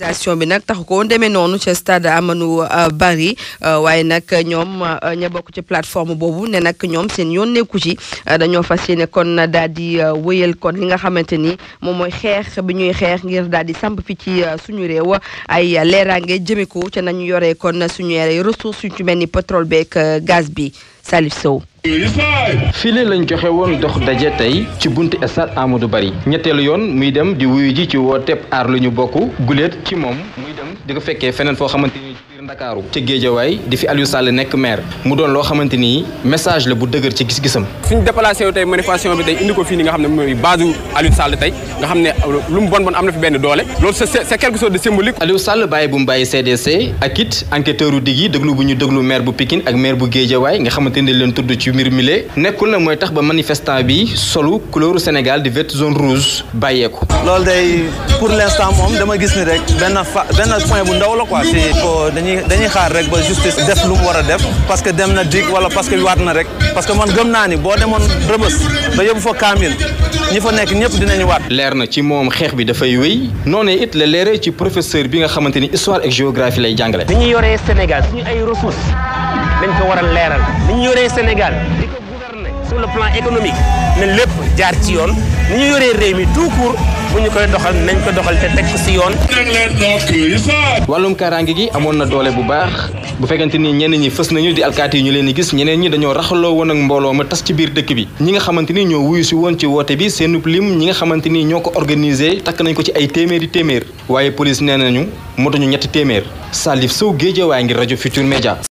manifestation bi nag taxu ko woon demee noonu ca stade Amadou euh, bari euh, waaye nag ñoom euh, ña bokk ci plateforme boobu ne nag ñoom seen yoon ci dañoo fas yéene kon daal di wëyal kon li nga xamante ni moom mooy xeex bi ñuy xeex ngir daal di samp fi ci suñu réew ay leeraange jëmee ko ca nañu yoree kon suñu ressources yu ci mel ni pétrole beeg gaz bi. Salif Sow. file lañ joxe woon dox daje tey ci buntu stade Amadou Barry ñetteelu yoon muy dem di wuyu ji ci woo tepp aar lu ñu bokk guléet ci moom muy dem di ko fekkee feneen foo xamante ni biir Ndakaaru ca Géejawaay di fi Aliou Sall nekk maire mu doon loo xamante message la bu dëgër ci gis-gisam suñ déplacé wu tey manifestation bi tey nga xam leen tudd ci mbir mile nekkul na mooy tax ba manifestant bi solu couleur Sénégal di vert zone rouge bàyyeeku loolu day pour l'instant moom dama gis ni rek benn fa benn point bu ndaw la quoi dañuy dañuy xaar rek ba justice def lu mu war a def parce que dem na dig wala parce que waat na rek parce que man gëm naa ni boo demoon rëbës ba yóbbu fa kaamil ñi fa nekk ñëpp dinañu waat. leer na ci moom xeex bi dafay wéy noonu it la leeree ci professeur bi nga xamante ni histoire ak géographie lay jàngale. ni ñu yoree Sénégal suñu ay ressources dañ ko war a leeral. ni ñu yoree Sénégal. sur le plan économique ne lépp jaar ci yoon ni ñu yoree réew mi tout court ñu koy doxal nañ ko doxal te teg ko si yoon. wàllum kaaraange gi amoon na doole bu baax bu fekkente ni ñenn ñi fës nañu di alkaati yi ñu leen di gis ñeneen ñi dañoo raxaloo woon ak mbooloo ma tas ci biir dëkk bi ñi nga xamante ni ñoo wuyu si woon ci woote bi seen lim ñi nga xamante ni ñoo ko organisé takk nañ ko ci ay téeméeri téeméer waaye police nee nañu motuñu ñetti téeméer Salif Sow Guédiawaye ngir rajo Futur Media.